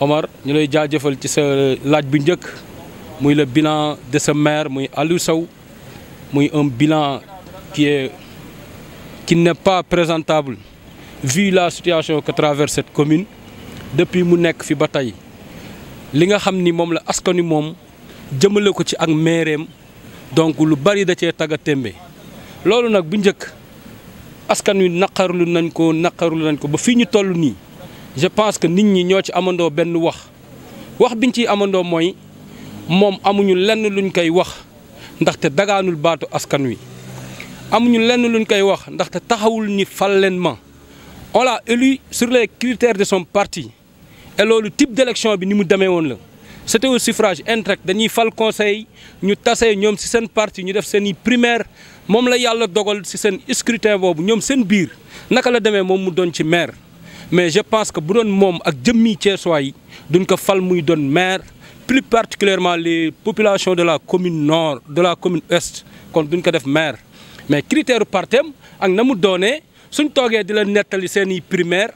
Omar ñu lay jaajëfal ci sa laaj bu njëkk muy le bilan de ce maire muy Aliou muy un bilan ki est qui n'est présentable vu la situation que traverse cette commune depuis mu nekk fi ba tey li nga xam ni moom la askanu moom jëmale ko ci ak maireem donc lu bari da cee tagga témbe loolu nag bu njëkk askan wi naqarlu nañ ko naqarlu nañ ko ba fii ñu toll nii je pense que nit ñi ñoo ci amandoo benn wax wax biñ ciy amandoo mooy moom amuñu lenn lu luñ koy wax ndaxte dagaanul baatu askan wi amuñu lenn lu luñ koy wax ndaxte taxawul ni fal leen ma on elu sur les critères de son parti et loolu type d'élection bi ni mu demee woon la c'était au suffrage indirect dañuy fal conseil ñu tase ñoom ci seen parti ñu def seen i primaire moom la yàlla dogal ci seen scrutin boobu ñoom seen biir naka la demee moom mu doon ci maire mais je pense que bu doon moom ak jëmmi Thiessois yi duñ ko fal muy doon maire plus particulièrement les populations de la commune nord de la commune est kon duñ ko def maire mais critère partem ak na mu doonee suñ toogee di la nettali seen i primaire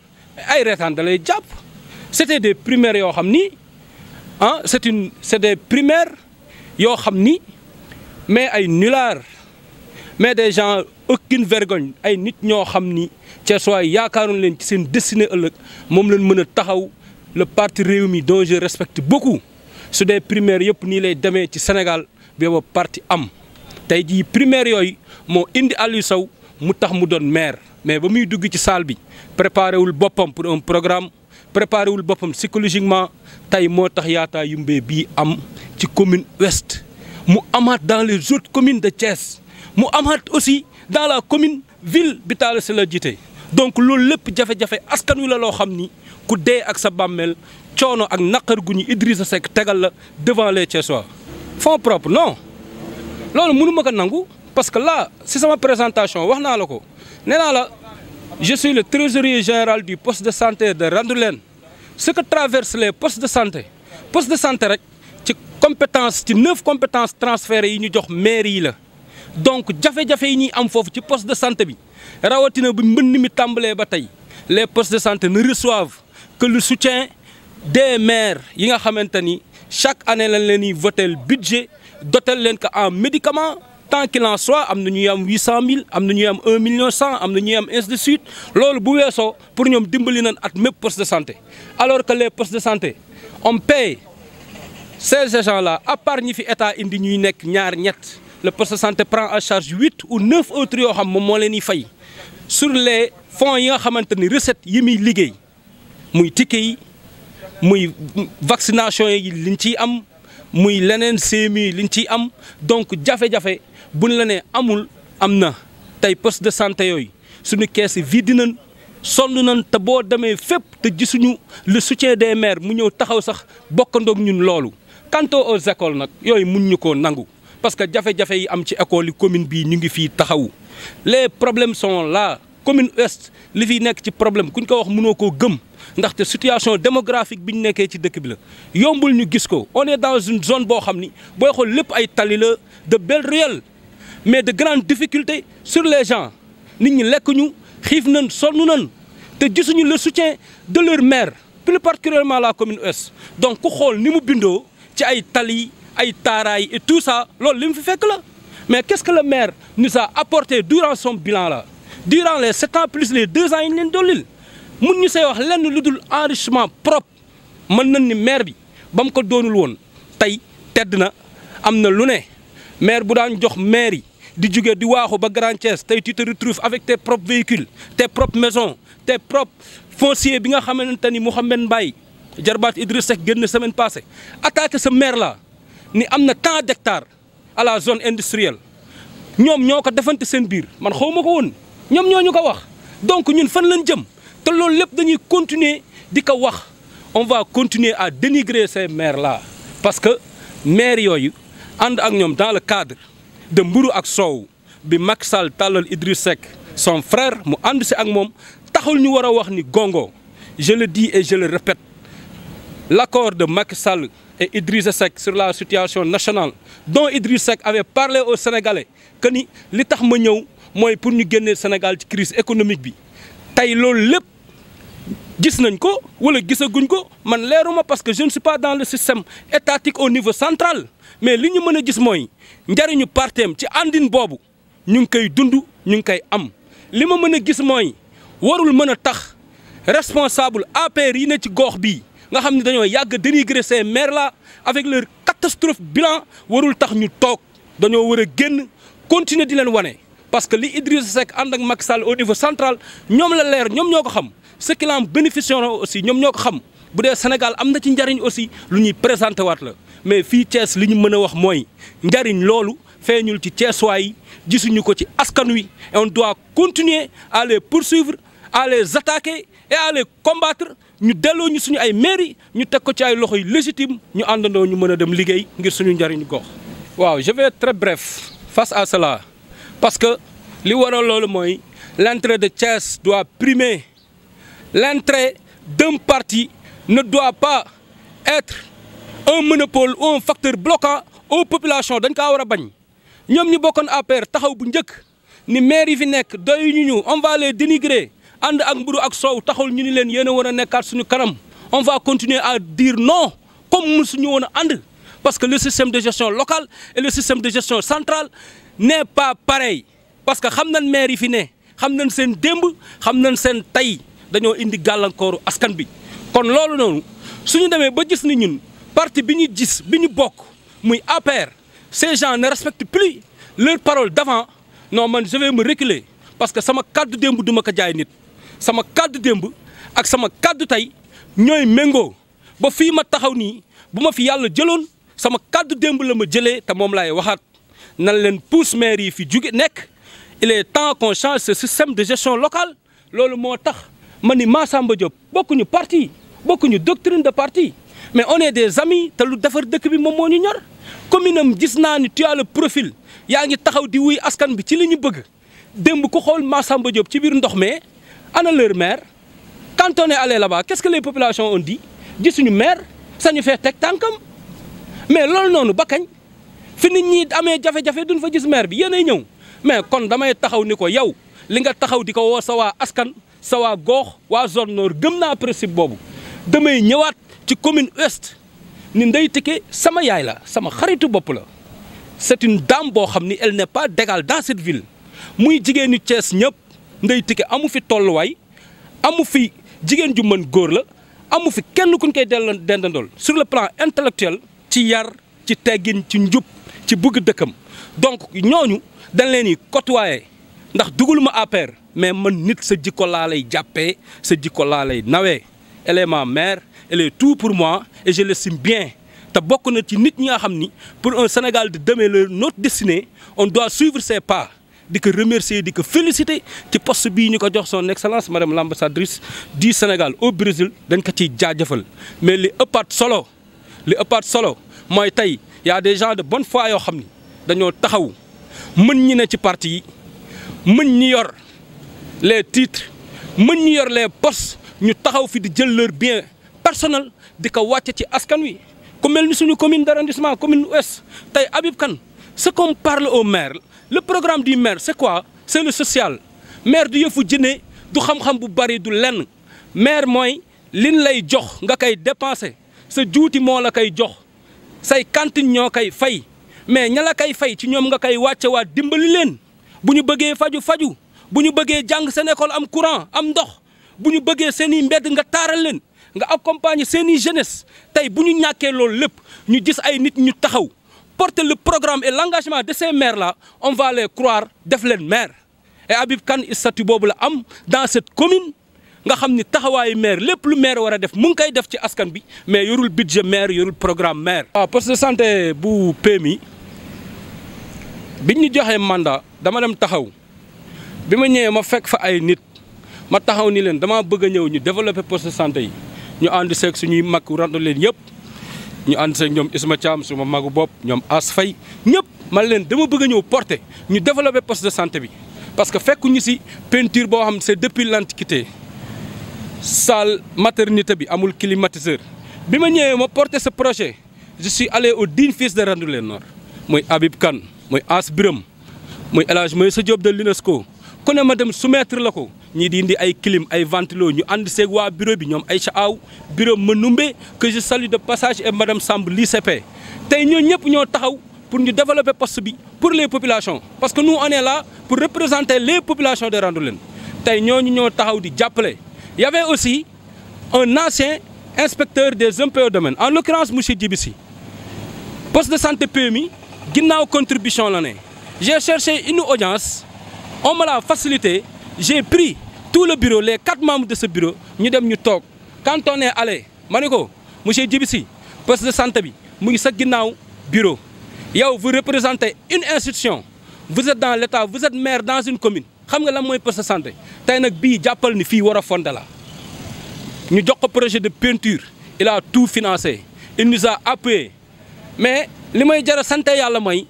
ay reetaan da lay jàpp c'était des primaires yoo xam ni ah c'est une c'est des primaires yoo xam ni mais ay nullards mais des aucune vergogne ay nit ñoo xam ni Thiessois yaakaaroon leen ci seen destinée ëllëg moom leen mën a taxaw le parti Rewmi dont je respecte beaucoup su dee primaire yëpp nii lay demee ci Sénégal booba parti am. tey jii primaire yooyu moo indi Aliou Sow mu tax mu doon maire mais ba muy dugg ci salle bi préparé wul boppam pour un programme préparé wul boppam psychologiquement tey moo tax Yatta Youmbe bii am ci commune ouest mu amaat dans les autres communes de Thiès mu amaat aussi. dans la commune ville bi Talla la jiite donc loolu lépp jafe-jafe askan wi la loo xam ni ku dee ak sa bàmmeel coono ak naqar gu ñu Idrissa Seck tegal la devant les Thiessois fonds propre non loolu mënuma ko nangu parce que là si sama présentation wax naa la ko nee naa la je suis le trésorier général du poste de santé de Randoulène ce que traversent les postes de santé poste de santé rek ci compétence ci neuf compétence transférées yi ñu jox mairie yi la donc jafe-jafe yi ñuy am foofu ci poste de santé bi rawatina bi mbënn mi tàmbalee ba tey les postes de santé ne reçoivent que le soutien de maire yi nga xamante ni chaque année lañ leen di votel budget dotel leen ko en médicament tant qu'il en soit am na ñuy am huit cent mille am na ñuy am un million cent am na ñuy am ainsi de suite loolu bu weesoo pour ñoom dimbali nan at mép poste de santé alors que les postes de santé on paie ces gens là à part ñi fi état indi ñuy nekk ñaar ñett le poste de santé prend en charge huit ou neuf autres yoo xam moom moo leen di fay sur les fonds yi nga xamante ni recettes yi muy liggéey muy ticket yi muy vaccination yi liñ ciy am muy leneen CMU liñ ciy am donc jafe-jafe buñ la nee amul am na tey poste de santé yooyu suñu kees yi vide nañ sonn nañ te boo demee fépp te gisuñu le soutien des maires mu ñëw taxaw sax bokkandook ñun loolu quant aux écoles nag yooyu mun ñu ko nangu parce que jafe-jafe yi am ci école yi commune bi ñu ngi fii taxawu les problèmes sont la commune ouest li fi nekk ci problème ku ñu ko wax munoo ko gëm ndaxte situation démographique bi ñu nekkee ci dëkk bi la yombul ñu gis ko on est dans une zone boo xam ni booy xool lépp ay tali la de belles ruelles mais de grandes difficultés sur les gens nit ñi lekk ñu xiif nañ sonn nañ te gisuñu le soutien de leur maire plus particulièrement la commune ouest donc ku xool ni mu bindoo ci ay tali. ay taaraay et tout ça loolu li mu fi fekk la mais qu'est-ce que le maire nous a apporté durant son bilan là durant les sept ans plus les deux ans yi ñu leen dollil mun ñu say wax lenn lu dul enrichissement propre man nañ ni maire bi ba mu ko doonul woon tey tedd na am na lu ne maire bu daan jox maire yi di jóge di waaxu ba Grand Thiès tey tu te retrouves avec tes propres véhicules tes propres maisons tes propres fonciers bi nga xamante ni Mouhamed Mbaye jarbaat Idriss Seck génn semaine passée attaqué ce maire là ni am na tant d'hectares à la zone industrielle ñoom ñoo ko defante seen biir man xaw ma ko woon ñoom ñoo ñu ko wax donc ñun fan lañ jëm te loolu lépp dañuy continuer di ko wax on va continuer à dénigrer ces maires la parce que maires yooyu ànd ak ñoom dans le cadre de mburu ak soow bi Macky Sall tàllal Idriss Seck son frère mu ànd si ak moom taxul ñu war a wax ni gongo je di dis et je le l'accord de Macky Sall et Idriss Seck sur la situation nationale dont Idriss Seck avait parlé au Sénégalais que ni li tax ma ñëw mooy pour ñu génnee Sénégal ci crise économique bi tey loolu lépp gis nañ ko wala gisaguñ ko man leeruma parce que je ne suis pas dans le système étatique au niveau central mais li ñu mën a gis mooy njariñu parteem ci àndin boobu ñu ngi koy dund ñu ngi koy am li ma mën a gis mooy warul mën a tax responsable APR yi ne ci gox bii nga xam ne dañoo yàgg dénigrer ces maires la avec leur catastrophe bilan warul tax ñu toog dañoo war a génn continuer di leen wane. parce que li Idrissa Seck ànd ak Macky Sall au niveau central ñoom la leer ñoom ñoo ko xam ce qui en bénéficie aussi ñoom ñoo ko xam bu dee Sénégal am na ci njariñ aussi lu ñuy présenté waat la mais fii Thiès li ñu mën a wax mooy njariñ loolu feeñul ci Thiessois gisuñu ko ci askan wi on doit continuer à les poursuivre à les attaquer et ñu delloo ñu suñu ay mairie ñu teg ko ci ay loxo yu légitime ñu àndandoo ñu mën a dem liggéey ngir suñu njariñu gox. waaw je vais être très bref face à cela parce que li waral loolu mooy l'intérêt de Thiès doit primer l'intérêt de parti ne doit pas être un monopole ou un facteur bloquant aux population dañ kaa war a bañ ñoom ñu bokkoon APR taxaw bu njëkk ni maire yi fi nekk doyuñu ñu on va les dénigrer. ànd ak mburu ak soow taxul ñu ni leen yéen a war a nekkaat suñu kanam on va continuer à dire non comme mësuñu woon a ànd parce que le système de gestion locale et le système de gestion centrale n'est pas pareil parce que xam nañ maire yi fi ne xam nañ seen démb xam nañ seen tey dañoo indi gàllankooru askan bi kon loolu noonu suñu demee ba gis ni ñun parti bi ñu gis bi ñu bokk muy APR ces gens ne respectent plus leur parole d'avant non man je vais me reculer que sama kàddu démb duma ko jaay nit sama kàddu démb ak sama kàddu tey ñooy méngoo ba fii ma taxaw nii bu ma fi yàlla jëloon sama kàddu démb la ma jëlee te moom lay waxaat nan leen pousse maire yi fi jóge nekk il est temps qu'on change ce système de gestion locale loolu moo tax ma ni Massamba Diop bokkuñu parti bokkuñu doctrine de parti mais on est des amis te lu defar dëkk bi moom moo ñu ñor commune am gis naa ni tu as le profil yaa ngi taxaw di wuy askan bi ci li ñu bëgg démb ku xool Massamba Diop ci biir ndox mais ana leur maire quand on est allé là-bas qu'est-ce que les populations gisuñu maire sañu fee teg tànkam mais loolu noonu bakkañ kañ fi nit ñi amee jafe-jafe duñ fa gis maire bi yéenay ñëw mais kon damay taxaw ni ko yow li nga taxaw di ko woo sa waa askan sa waa goox waa zone nord gëm naa principe boobu damay ñëwaat ci commune ouest ni Ndeye Tické sama yaay la sama xaritu bopp la c'est une dame boo xam ni elle n'est pas d'égale dans cette ville muy jigéenu Thiès ñëpp. Ndeye Tické amu fi tolluwaay amu fi jigéen ju mën góor la amu fi kenn kuñ koy delloon dendandool sur le plan intellectuel ci yar ci teggin ci njub ci bëgg dëkkam donc ñooñu dañ leen di côtoyer ndax dugul ma APR mais man nit sa jikko laa lay jàppee sa jikko laa lay nawee elle est ma mère elle est tout pour moi et je bien te bokk na ci nit ñi nga xam ni pour un Sénégal de demain leur notre destinée on doit suivre ses pas di ko remercier di ko félicité ci poste bii ñu ko jox son excellence madame l'ambassadrice du Sénégal au Brésil dañ ko ciy jaajëfal mais li ëppaat solo li ëppaat solo mooy tey y des gens de bonne foi yoo xam ni dañoo taxaw mën ñi ne ci parti yi mën ñi yor les titres mën ñi yor les postes ñu taxaw fi di jël leur bien personnel di ko wàcce ci askan wi ku mel ni suñu commune d'arrondissement commune ouest tey Habib Kane ce qu'on parle au maire le programme du maire c'est quoi c'est le social maire du yëfu jinne du xam-xam bu bari du lenn maire mooy lin lay jox nga koy dépenser sa juuti moo la koy jox say cantine ñoo koy fay mais ña la koy fay ci ñoom nga koy wàcce waa dimbali leen bu ñu bëggee faju faju bu ñu bëggee jàng seen école am courant am ndox bu ñu bëggee seen i mbedd nga taaral leen nga accompagner seen i jeunesse tey bu ñu ñàkkee loolu lépp ñu gis ay nit ñu taxaw porter le programme et l'engagement de ces maires-là, on croire def leen maire et Habib kan statut boobu la am dans cette commune nga xam ni taxawaayu maire lépp lu maire war a def mu ngi koy def ci askan bi mais yorul budget maire yorul programme maire. waaw ah, poste de santé bu PMI biñ ñu joxe manda dama dem taxaw bi ma ñëwee ma fekk fa ay nit ma taxaw ni leen dama bëgg a ñëw ñu développer poste de santé yi ñu ànd seeg suñuy mag randu leen yëpp. ñu ànd seeg ñoom Isma Thiam suma magu bopp ñoom As Faye ñëpp man leen dama bëgg a ñëw porter ñu développer poste de sante bi parce que fekk ñu si peinture boo xam c'est depuis l'antiquité salle maternité bi amul climatiseur bi ma ñëwee ma porter ce projet je suis allé au digne fils de Randoulène Nord mooy Habib Kane mooy As Biram mooy El mooy sa job de l'UNESCO ku ne ma dem soumettre la ko ñii di indi ay kilim ay ventilo ñu ànd seeg waa bureau bi ñoom Aïcha Aw bureau Manoumbe que je salue de passage et madame Samb l'ICP tey ñoo ñëpp ñoo taxaw pour ñu développer poste bi pour les populations parce que nous on est pour représenter les populations de Randoulène tey ñoo ñu ñoo taxaw di jàppale y avait aussi un ancien inspecteur des impôts et domaines en l'occurrence monsieur Djibissi poste de santé mi ginnaaw contribution la ne j'ai cherché une audience on me l'a facilité j'ai pris tout le bureau les quatre membres de ce bureau ñu dem ñu toog quand on est allé ma ne ko monsieur Djibi Sy poste de santé bi mu ngi sa ginnaaw bureau yow vous représentez une institution vous dans l'état vous êtes maire dans une commune xam nga lan mooy poste de santé tey nag bii jàppal ni fii war a fondé la ñu jox ko projet de peinture il a tout financé il nous a appuyé mais li may jar a sant yàlla mooy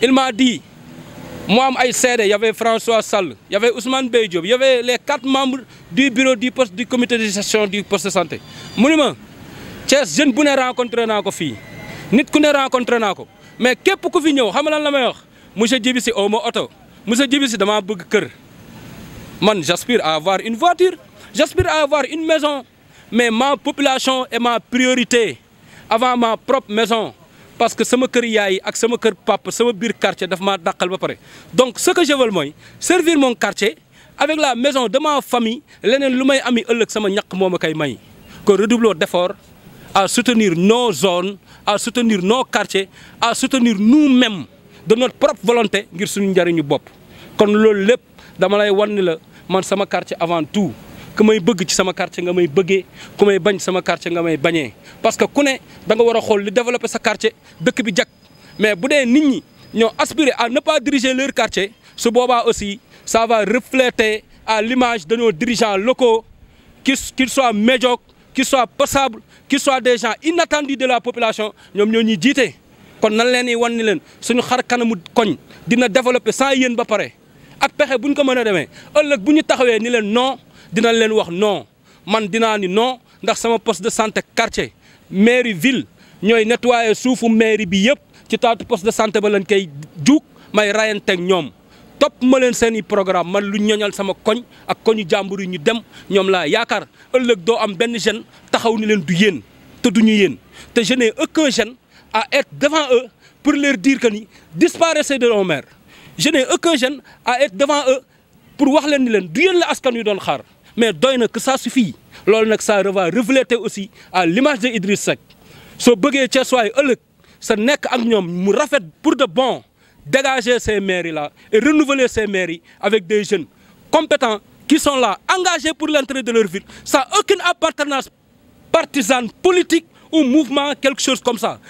il m'a dit mu am ay seede y avait François Sall y avait Ousmane Beye Diop y les quatre membre du bureau du poste du comité de gestion du poste de santé mu ni ma Thiès jeune bu ne rencontré naa ko fii nit ku ne rencontré naa ko mais képp ku fi ñëw xam lan la may wax monsieur Djibi Sy ma oto monsieur Djibi Sy damaa bëgg kër man j'aspire à avoir une voiture j'aspire à avoir une maison mais ma population est ma priorité avant ma propre maison parce que sama kër yaay ak sama kër papa sama biir quartier daf maa dàqal ba pare donc ce que je veux mooy servir mon quartier avec la maison de ma famille leneen lu may ami ëllëg sama ñaq moo ma koy may ko redoubler defor à soutenir nos zones à soutenir no quartiers à sutenir nous-mêmes de notre propre volonté ngir suñu njëriñu bopp kon loolu lépp dama lay wan ni la man sama quartier avant tout ku may bëgg ci sama quartier nga may bëggee ku may bañ sama quartier nga may bañee parce que ku ne da nga war a xool li développé sa quartier dëkk bi jag mais bu dee nit ñi ñoo aspirer à ne pas diriger leur quartier su boobaa aussi ça va refléter à l'image de nos dirigeants locaux qu'ils soient médiocres qu'ils soient passables qu'ils soient des gens inattendus de la population ñoom ñoo ñuy jiite kon nan leen yi wan ni leen suñu xar kanamu koñ dina développer sans yéen ba pare ak pexe bu ñu ko mën a demee ëllëg bu ñu taxawee ni leen noo dinañ leen wax non man dinaa ni non ndax sama poste de santé quartier mairie ville ñooy nettoyer suufu mairie bi yëpp ci taatu poste de santé ba lañ koy juug may rayanteeg ñoom topp ma leen seen i programme man lu ñoñal sama koñ ak koñu jàmbur yi ñu dem ñoom laa yaakaar ëllëg doo am benn jeune taxaw ni leen du yéen te du ñu yéen te je n'ai aucun jeune à devant eux pour leur dire que ni disparaissez de nos je n'ai aucun jeune à et devant eux pour wax leen ni du yéen la askan wi doon xaar mais doy nag que ça suffit loolu nag sa va refléter aussi à l'image de Idriss Seck soo bëggee Thiessois ëllëg sa nekk ak ñoom mu rafet pour de bon dégager ces mairies là et renouveler ces mairies avec des jeunes compétents qui sont là engagés pour l'intérêt de leur ville sans aucune appartenance partisane politique ou mouvement quelque chose comme ça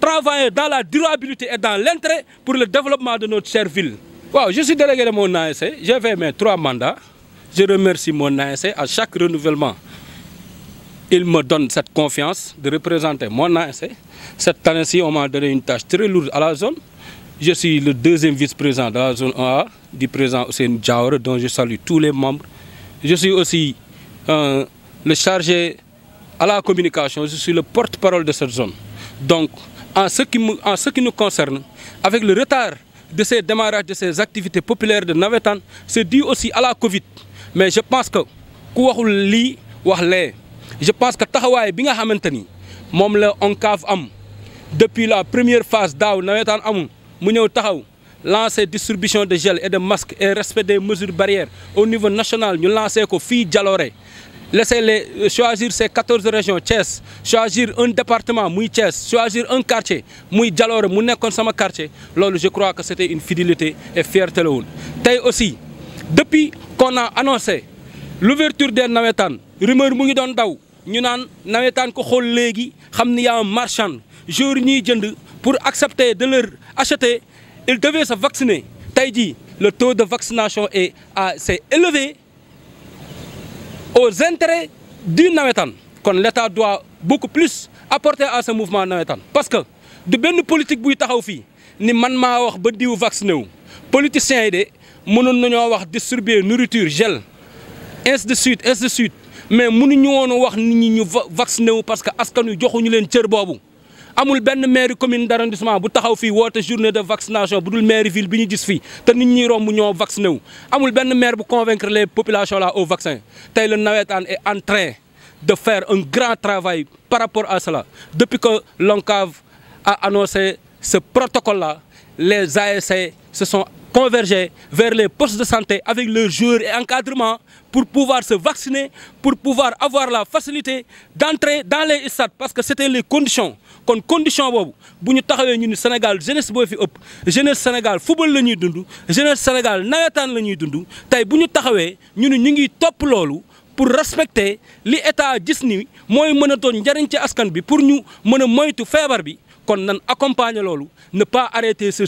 travailler dans la durabilité et dans l'intérêt pour le développement de notre chère ville. Wow, je suis délégué de mon ASC, j'ai fait mes trois mandats. Je remercie mon ASC à chaque renouvellement. Il me donne cette confiance de représenter mon ASC. Cette année-ci, on m'a donné une tâche lourde à la zone. Je suis le deuxième vice-président de la zone 1A du président Hussein Diawara, dont je salue tous les membres. Je suis aussi euh, le chargé à la communication, je suis le porte-parole de cette zone. en ce qui en ce qui concerne avec le retard de ces démarrages de ces activités populaires de navétane c'est dû aussi à la Covid mais je pense que ku waxul lii wax lee je pense que taxawaay bi nga xamante ni moom la ONCAV am depuis la première phase daaw nawetaan amul mu ñëw taxaw lancer distribution de gel et de masques et respect des mesures barrières au niveau national ñu lancé ko fii Jalooré laissez-les euh, choisir ces quatorze régions Thiès choisir un département muy Thiès choisir un quartier muy Jaloore mu nekkoon sama quartier loolu je crois que c'était une fidélité e fierté la woon tey aussi depuis qu'on a annoncé l'ouverture de nawetaan rumeur mu ngi doon daw ñu naan nawetaan ko xool léegi xam ni yaa marchand jour ñuy jënd pour accepter de leur acheter ils devaient se vacciner tey jii le taux de vaccination et à euh, s'est élevé aux intérêts du nawetan kon l'État doit beaucoup plus apporter à ce mouvement nawetaan parce que du benn politique buy taxaw fii ni man maa wax ba diw vacciné wu politiciens yi de mënoon nañoo wax distribuer nourriture gel ainsi de suite ainsi de suite mais mënuñu woon wax nit ñi ñu vacciné wu parce que askan wi joxuñu leen cër boobu. amul benn maire commune d' arrondissement bu taxaw fii woote journée de vaccination bu dul maire ville bi ñu gis fii te nit ñi romb ñoo vacciné wu amul benn maire bu convaincre les populations là au vaccin tey la nawetaan est en train de faire un grand travail par rapport à cela depuis que l'ONCAV a annoncé ce protocole là les ASC se sont converger vers les postes de santé avec le joueurs et encadrement pour pouvoir se vacciner, pour pouvoir avoir la facilité d'entrer dans les stades parce que c'était les conditions. kon condition boobu bu ñu taxawee ñu ni Sénégal jeunesse boo fi ëpp jeunesse Sénégal football la ñuy dund jeunesse Sénégal nawetaan la ñuy dundu tey bu ñu taxawee ñu ni ñu ngi topp loolu pour respecter li état gis ni mooy mën a doon njariñ ci askan bi pour ñu mën a moytu feebar bi kon nan accompagner loolu ne pas arrêter ce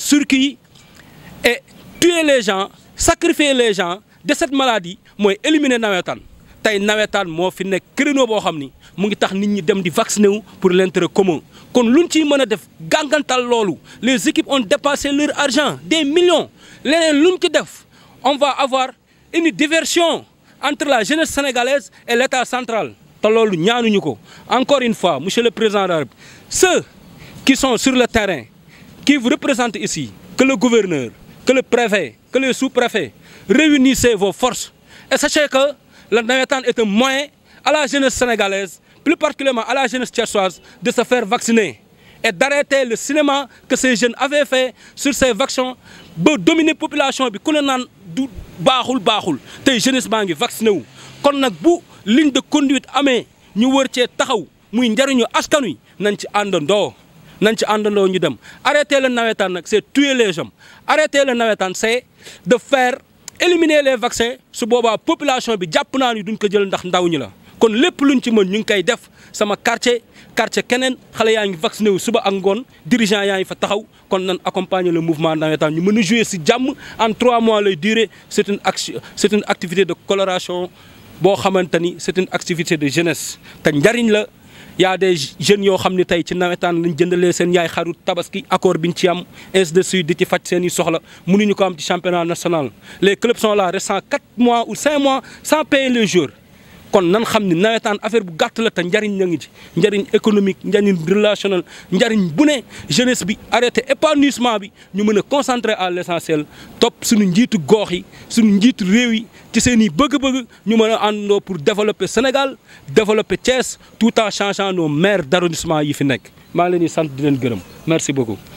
et tuer les gens sacrifier les gens de cette maladie mooy éliminer nawetaan tey nawetaan moo fi nekk créneau boo xam ni mu ngi tax nit ñi dem di vacciner wu pour l'intérêt commun kon luñ ciy mën a def gàngantal loolu les équipes ont dépassé leur argent des millions leneen luñ ci def on va avoir une diversion entre la jeunesse sénégalaise et l'État central te loolu ñaanuñu ko encore une fois monsieur le président de la République qui sont sur le terrain qui vous représentent ici que le gouverneur que le préfet, que le sous-préfet, réunissez vos forces et sachez que le nawetaan est un moyen à la jeunesse sénégalaise, plus particulièrement à la jeunesse thiessoise, de se faire vacciner et te le cinéma que ces jeunes avaient fait sur ces vaccins ba dominer population bi ku ne naan du baaxul baaxul tey jeunesse baa ngi vacciné wu. kon nag bu ligne de conduite amee ñu wër cee taxaw muy njariñu askan nañ ci àndandoo. nañ ci àndandoo ñu dem arrêter le nawetaan nag c'est tuer les hommes arrêter le nawetaan c'est de faire éliminer les vaccins su boobaa population bi jàpp naa ni duñ ko jël ndax ndaw ñi la. kon lépp lu ñu ci mën ñu ngi koy def sama quartier quartier keneen xale yaa ngi vacciné wu suba ak ngoon dirigeant yaa ngi fa taxaw kon nan accompagner le mouvement nawetaan ñu mën a jouer ci jàmm en trois mois lay durer c'est une action c'est une activité de coloration boo xamante ni c'est une activité de jeunesse te njariñ la. y a des jeunes yoo xam ne tey ci nawetaan lañ jëndalee seen yaay xaru tabaski accord biñ ci am ainsi de suite di ci faj seen i soxla mënuñu ko am ci championnat national les clubs sont là restent quatre mois ou cinq mois sans payer les joueurs kon nan xam ni nawetaan affaire bu gàtt la te njariñ la ngi ci njariñ économique njariñ relationnel njariñ bu ne jeunesse bi arrêté épanouissement bi ñu mën a concentrer à l' essentiel topp suñu njiitu goox yi suñu njiitu réew yi ci seen i bëgg-bëgg ñu mën a àndandoo pour développer Sénégal développer Thiès tout en changeant nos maire d' yi fi nekk maa ngi leen sant di leen gërëm merci beaucoup.